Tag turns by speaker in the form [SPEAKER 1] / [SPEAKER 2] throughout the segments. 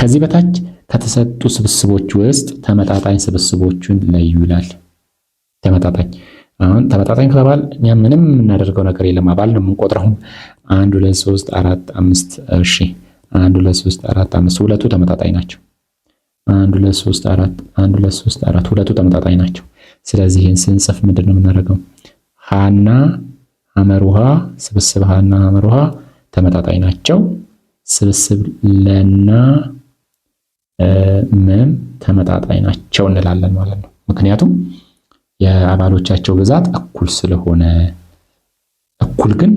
[SPEAKER 1] ከዚህ በታች ከተሰጡ ስብስቦች ውስጥ ተመጣጣኝ ስብስቦቹን ለዩ ይላል። ተመጣጣኝ አሁን ተመጣጣኝ ከተባል እኛ ምንም የምናደርገው ነገር የለም። አባል ነው የምንቆጥረው። አንድ ሁለት ሶስት አራት አምስት እሺ፣ አንድ ሁለት ሶስት አራት አምስት ሁለቱ ተመጣጣኝ ናቸው። አንድ ሁለት ሶስት አራት አንድ ሁለት ሶስት አራት ሁለቱ ተመጣጣኝ ናቸው። ስለዚህ ይህን ስንጽፍ ምንድን ነው የምናደርገው? ሀና ሐመር ውሃ ስብስብ ሀና ሐመር ውሃ ተመጣጣኝ ናቸው። ስብስብ ለና ምም ተመጣጣኝ ናቸው እንላለን ማለት ነው። ምክንያቱም የአባሎቻቸው ብዛት እኩል ስለሆነ እኩል ግን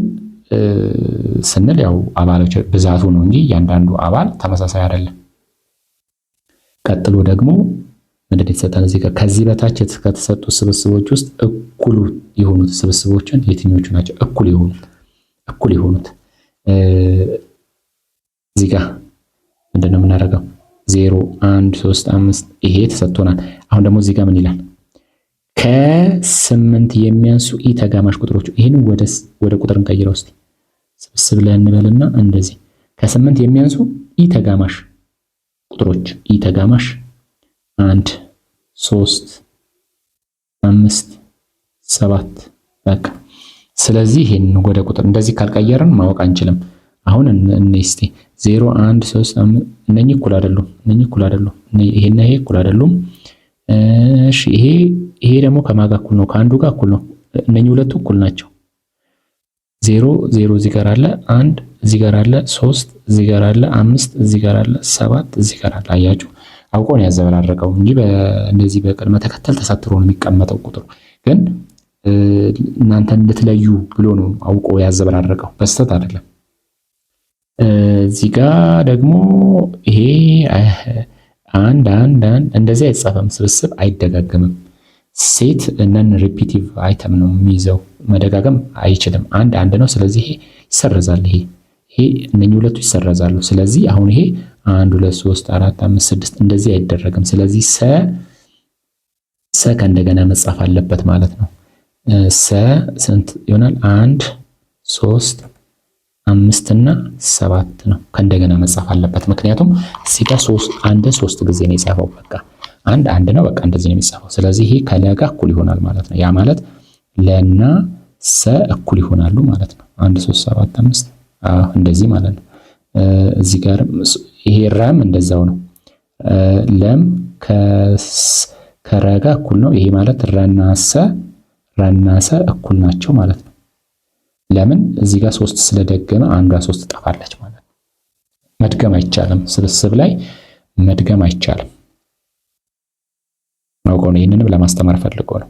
[SPEAKER 1] ስንል ያው አባሎች ብዛቱ ነው እንጂ እያንዳንዱ አባል ተመሳሳይ አይደለም። ቀጥሎ ደግሞ ምንድን የተሰጠን እዚህ ጋር ከዚህ በታች ከተሰጡ ስብስቦች ውስጥ እኩሉ የሆኑት ስብስቦችን የትኞቹ ናቸው? እኩል የሆኑት እኩል የሆኑት እዚህ ጋር ምንድን ነው የምናደርገው? ዜሮ አንድ ሶስት አምስት ይሄ ተሰጥቶናል። አሁን ደግሞ እዚህ ጋር ምን ይላል? ከስምንት የሚያንሱ ኢ ተጋማሽ ቁጥሮች ይህን ወደ ቁጥር እንቀይረው እስቲ ስብስብ ላይ እንበልና እንደዚህ ከስምንት የሚያንሱ ኢ ተጋማሽ ቁጥሮች ኢ ተጋማሽ አንድ ሶስት አምስት ሰባት በቃ ስለዚህ ይህን ወደ ቁጥር እንደዚህ ካልቀየርን ማወቅ አንችልም። አሁን እንስቲ ዜሮ አንድ ሶስት አምስት እነኚህ እኩል አይደሉም። እነኚህ እኩል አይደሉም። ይሄና ይሄ እኩል አይደሉም። እሺ ይሄ ይሄ ደግሞ ከማጋ እኩል ነው፣ ከአንዱ ጋር እኩል ነው። እነኚህ ሁለቱ እኩል ናቸው። ዜሮ ዜሮ እዚህ ጋር አለ፣ አንድ እዚህ ጋር አለ፣ ሶስት እዚህ ጋር አለ፣ አምስት እዚህ ጋር አለ፣ ሰባት እዚህ ጋር አለ። አያችሁ አውቆ ነው ያዘበራረቀው እንጂ እንደዚህ በቅደም ተከተል ተሳትሮ ነው የሚቀመጠው ቁጥሩ ግን እናንተ እንድትለዩ ብሎ ነው አውቆ ያዘበራረቀው በስተት አይደለም። እዚህ ጋር ደግሞ ይሄ አንድ አንድ አንድ እንደዚህ አይጻፈም፣ ስብስብ አይደጋገምም። ሴት ነን ሪፒቲቭ አይተም ነው የሚይዘው፣ መደጋገም አይችልም። አንድ አንድ ነው። ስለዚህ ይሄ ይሰረዛል። ይሄ ይሄ እነኚህ ሁለቱ ይሰረዛሉ። ስለዚህ አሁን ይሄ አንድ ሁለት ሶስት አራት አምስት ስድስት እንደዚህ አይደረግም። ስለዚህ ሰ ሰ ከእንደገና መጻፍ አለበት ማለት ነው። ሰ ስንት ይሆናል? አንድ ሶስት አምስት እና ሰባት ነው። ከእንደገና መጻፍ አለበት። ምክንያቱም እዚህ ጋር ሶስት አንድ ሶስት ጊዜ ነው የጻፈው። በቃ አንድ አንድ ነው። በቃ እንደዚህ ነው የሚጻፈው። ስለዚህ ይሄ ከለጋ እኩል ይሆናል ማለት ነው። ያ ማለት ለና ሰ እኩል ይሆናሉ ማለት ነው። አንድ ሶስት ሰባት አምስት እንደዚህ ማለት ነው። እዚህ ጋር ይሄ ራም እንደዛው ነው። ለም ከረጋ እኩል ነው። ይሄ ማለት ረናሰ ረናሰ እኩል ናቸው ማለት ነው። ለምን እዚህ ጋር ሶስት ስለደገመ አንዷ ሶስት ትጠፋለች ማለት ነው። መድገም አይቻልም፣ ስብስብ ላይ መድገም አይቻልም። አውቀው ነው፣ ይህንንም ለማስተማር ፈልጎ ነው።